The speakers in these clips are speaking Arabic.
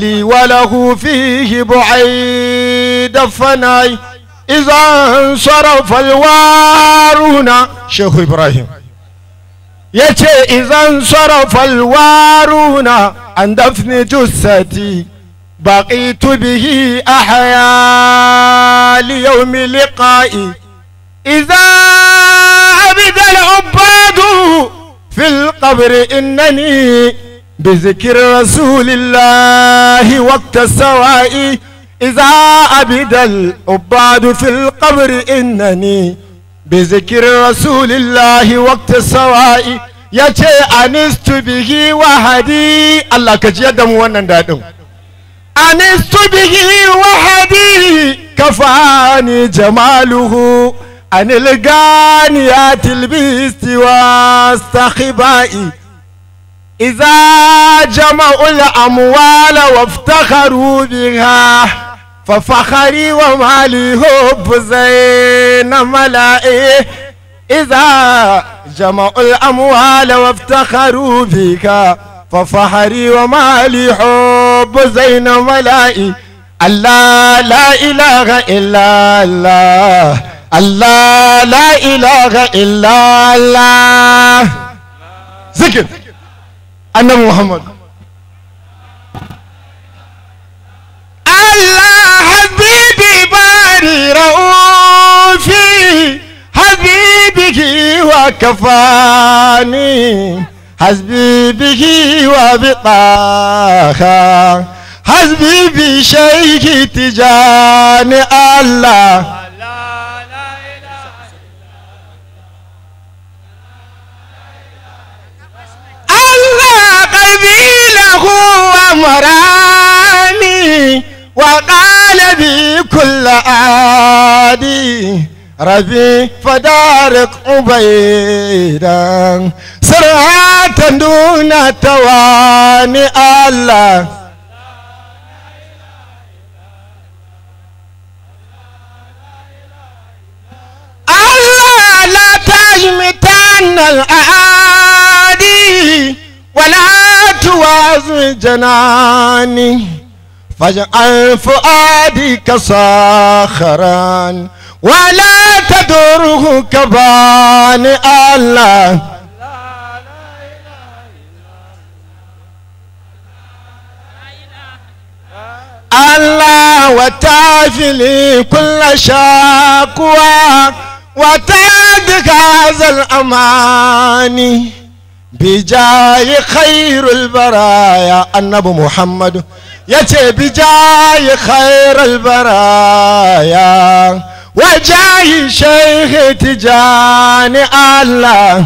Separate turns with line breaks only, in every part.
لي وله فيه بعيد فناي إذا انصرف الوارون شيخ إبراهيم يتي إذا انصرف الوارون عن دفن جثتي بقيت به أحيا ليوم لقائي إذا عبد العباد في القبر إنني بذكر رسول الله وقت السواء إذا عبد العباد في القبر إنني بذكر رسول الله وقت السواء يجي أنست به وحدي الله كجي يدم ونندادم أنست به وحدي كفاني جماله أن الغانيات البيست واستخبائي إذا جمعوا الأموال وافتخروا بها ففخري ومالي هب زين ملائي إذا جمعوا الأموال وافتخروا بك ففخري ومالي حب زين ملائي الله لا إله إلا الله الله لا إله إلا الله ذكر أنا محمد الله حبيبي باري رؤوفي حبيبك وكفاني حبيبي به وبطاخا حسبي بشيخ تجاني الله وقال بي كل عادي ربي فدارك عبيدا سرعة دون تواني الله الله لا الأعادي ولا توازن جناني فاجعل فؤادك صخرا ولا تدره كبان الله الله وتعفلي كل شاكوى وتعدك هذا الأماني بجاه خير البرايا النبو محمد يا يتي بجاي خير البرايا وجاي شيخ تجاني الله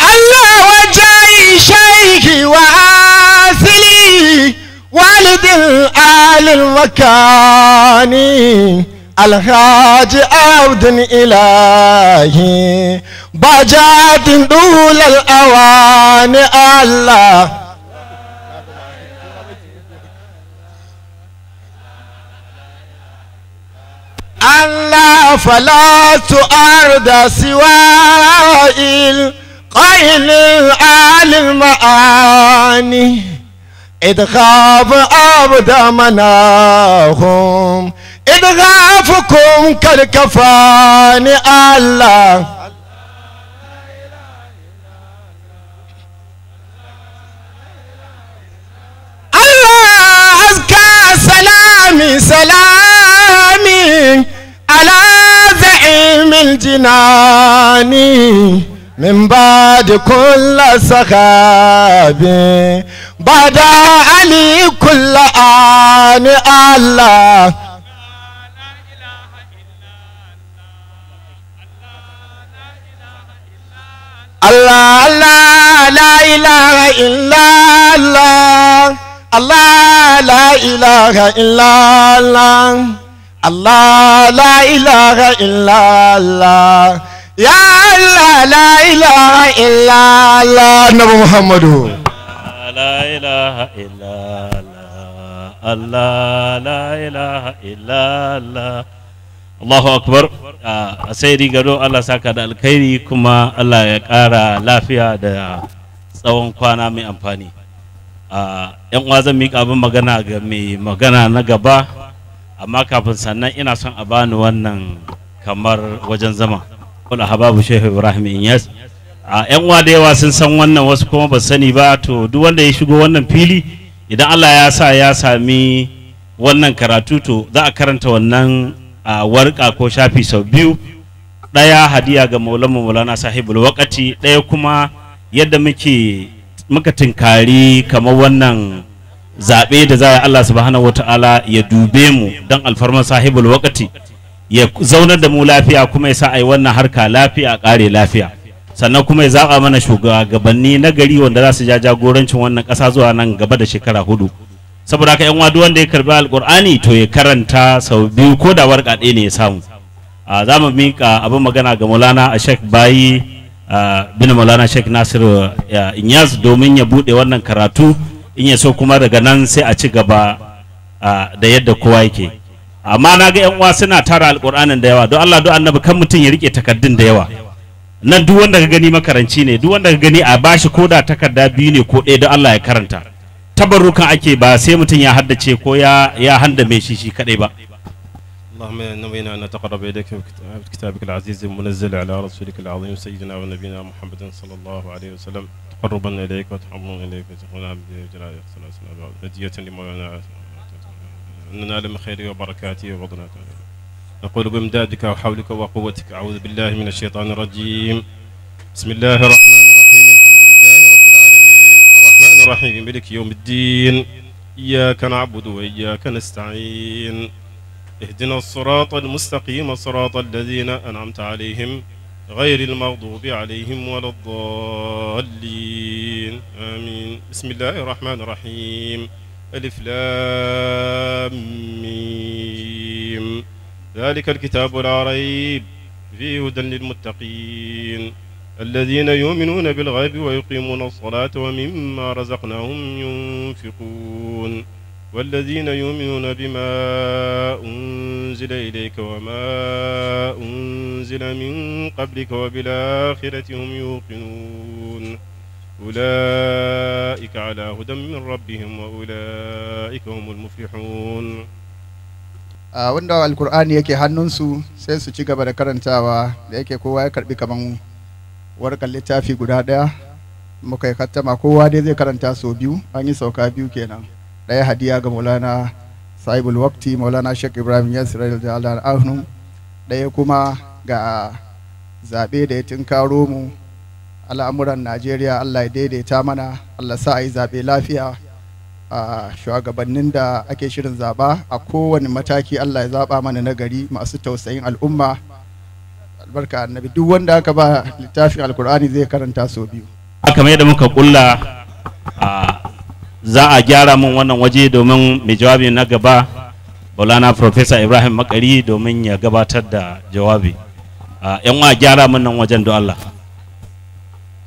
الله وجاي شيخي وآسلي والد الآل المكاني الحاج عبد إلهي بجاد دول الأوان الله الله فلا تؤرد سوى القيل على المعاني إذ خاب أبد مناهم إذ غافكم كالكفان الله الله أزكى سلامي سلامي على زعيم الجنان من بعد كل صحابي بعد علي كل آن الله ilaha illallah Allah la ilaha illallah Allah la ilaha illallah ya Allah la ilaha illallah Nabi Muhammad
la ilaha illallah Allah la ilaha illallah Allahu akbar a ah, sai rigado Allah saka da alkhairi kuma Allah ya kara lafiya da tsawon kwana mai amfani yan uwa zan miƙa abin magana ga mai magana na gaba amma kafin sannan ina son a bani wannan kamar wajen zama kula hababu shehu ibrahim inyas a yan uwa da yawa sun san wannan wasu kuma ba sani ba to duk wanda ya shigo wannan fili idan allah ya sa ya sami wannan karatu to za a karanta wannan a warka ko shafi sau biyu ɗaya hadiya ga maulama maulana sahibul wakati ɗaya kuma yadda muke muka tinkari kamar wannan zaɓe da za Allah subhanahu ta'ala ya dube mu don alfarman sahibul wakati ya zaunar da mu lafiya kuma ya sa a yi wannan harka lafiya ƙare lafiya sannan kuma ya zaɓa mana shugabanni na gari wanda za su ja jagorancin wannan ƙasa zuwa nan gaba da shekara hudu saboda haka yan wadu wanda ya karbi alƙur'ani to ya karanta sau biyu ko da warƙa ne ya samu za mu miƙa abin magana ga maulana a shek bayi Ah, bin maulana sheikh nasiru inyas domin ya bude wannan karatu in ya so kuma daga nan sai a ci gaba ah, da yadda kowa yake amma na ga 'yan uwa suna tara alƙur'anin da yawa don allah don annabi kan mutum ya rike takardun da yawa nan duk wanda ka gani makaranci ne duk wanda ka gani a bashi ko da takarda biyu ne ko ɗaya don Allah ya karanta tabarrukan ake ba sai mutum ya haddace ko ya ya handa mai shi shi kadai ba
اللهم نوينا أن نتقرب إليك بكتابك العزيز المنزل على رسولك العظيم سيدنا ونبينا محمد صلى الله عليه وسلم تقربا إليك وتحبا إليك وتقربا بجلالك صلى الله عليه هدية لمولانا أن نعلم خيره وبركاته وفضلاته نقول بإمدادك وحولك وقوتك أعوذ بالله من الشيطان الرجيم بسم الله الرحمن الرحيم الحمد لله رب العالمين الرحمن الرحيم ملك يوم الدين إياك نعبد وإياك نستعين اهدنا الصراط المستقيم صراط الذين أنعمت عليهم غير المغضوب عليهم ولا الضالين آمين بسم الله الرحمن الرحيم ألف لام ميم ذلك الكتاب لا ريب فيه هدى للمتقين الذين يؤمنون بالغيب ويقيمون الصلاة ومما رزقناهم ينفقون والذين يؤمنون بما أنزل إليك وما أنزل من قبلك وبالآخرة هم يوقنون أولئك على هدى من ربهم وأولئك هم المفلحون
a wanda alkur'ani yake hannunsu sai su ci gaba da karantawa da yake kowa ya karbi kaman warkar littafi guda daya muka yi kattama kowa dai zai karanta sau biyu an yi sauka biyu kenan ɗaya hadiya ga maulana sahibul wakti maulana Sheikh ibrahim yasir da ahnu ɗaya kuma ga zaɓe da ya tinkaro mu al'amuran najeriya allah ya daidaita mana allah sa a yi zaɓe lafiya a shugabannin da ake shirin zaɓa a kowane mataki allah ya zaɓa mana na gari masu tausayin al'umma albarka annabi duk wanda aka ba littafin alkur'ani zai karanta sau biyu kamar yadda muka kulla za a gyara min wannan waje domin mai jawabi na gaba bolana Professor Ibrahim Makari domin ya gabatar da jawabi. ‘Yan wa gyara min nan wajen don Allah.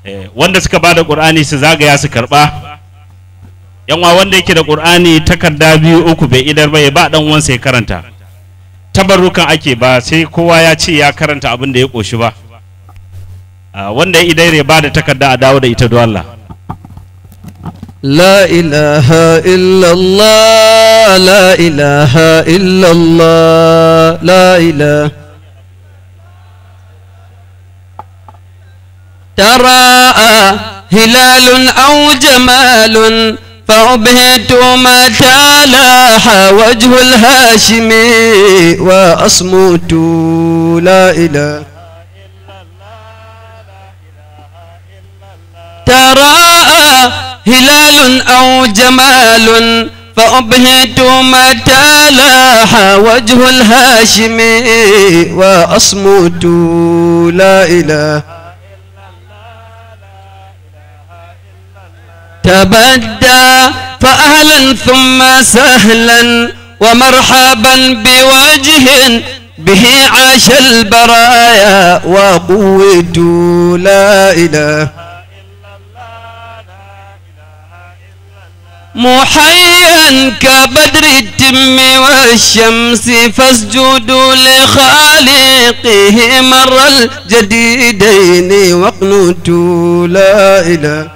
Eh, wanda suka ba da ƙur'ani su zagaya su karɓa. ‘Yan wa wanda yake da ƙur'ani takarda biyu uku bai idar ba ya ba ɗan wansa ya karanta. Tabarrukan ake ba sai kowa ya ce ya karanta abin da ya ƙoshi ba. Wanda ya idar ba da takarda a dawo da ita don Allah.
لا إله إلا الله لا إله إلا الله لا إله ترى هلال أو جمال فعبهت ما تلاح وجه الهاشمي وأصمت لا إله ترى هلال أو جمال فأبهت ما تلاح وجه الهاشمي وأصمت لا إله تبدى فأهلا ثم سهلا ومرحبا بوجه به عاش البرايا وقوت لا إله محيا كبدر التم والشمس فاسجدوا لخالقه مر الجديدين واقنتوا لا إله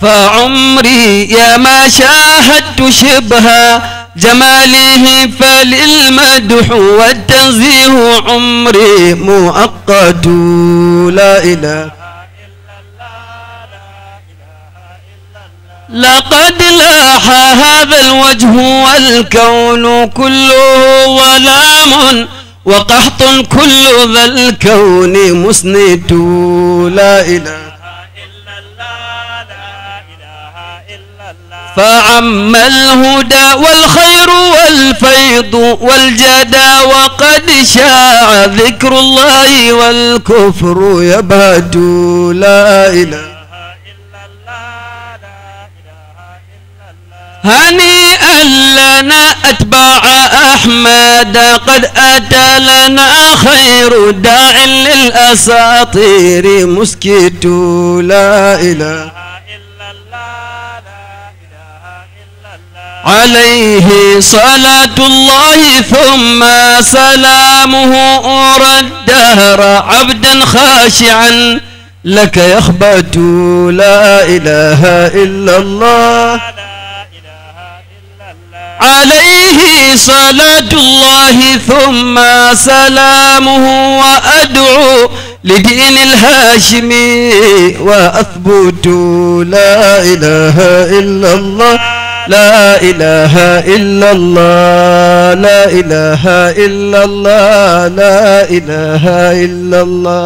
فعمري يا ما شاهدت شبها جماله فللمدح والتنزيه عمري مؤقت لا إله لقد لاح هذا الوجه والكون كله ظلام وقحط كل ذا الكون مسند لا إله فعم الهدى والخير والفيض والجدى وقد شاع ذكر الله والكفر يبعد لا إله هنيئا لنا أتباع أحمد قد أتى لنا خير داع للأساطير مسكت لا إله عليه صلاة الله ثم سلامه أرى الدهر عبدا خاشعا لك يخبت لا إله إلا الله عليه صلاة الله ثم سلامه وأدعو لدين الهاشمي وأثبت لا إله إلا الله لا إله إلا الله لا إله إلا الله لا إله
إلا الله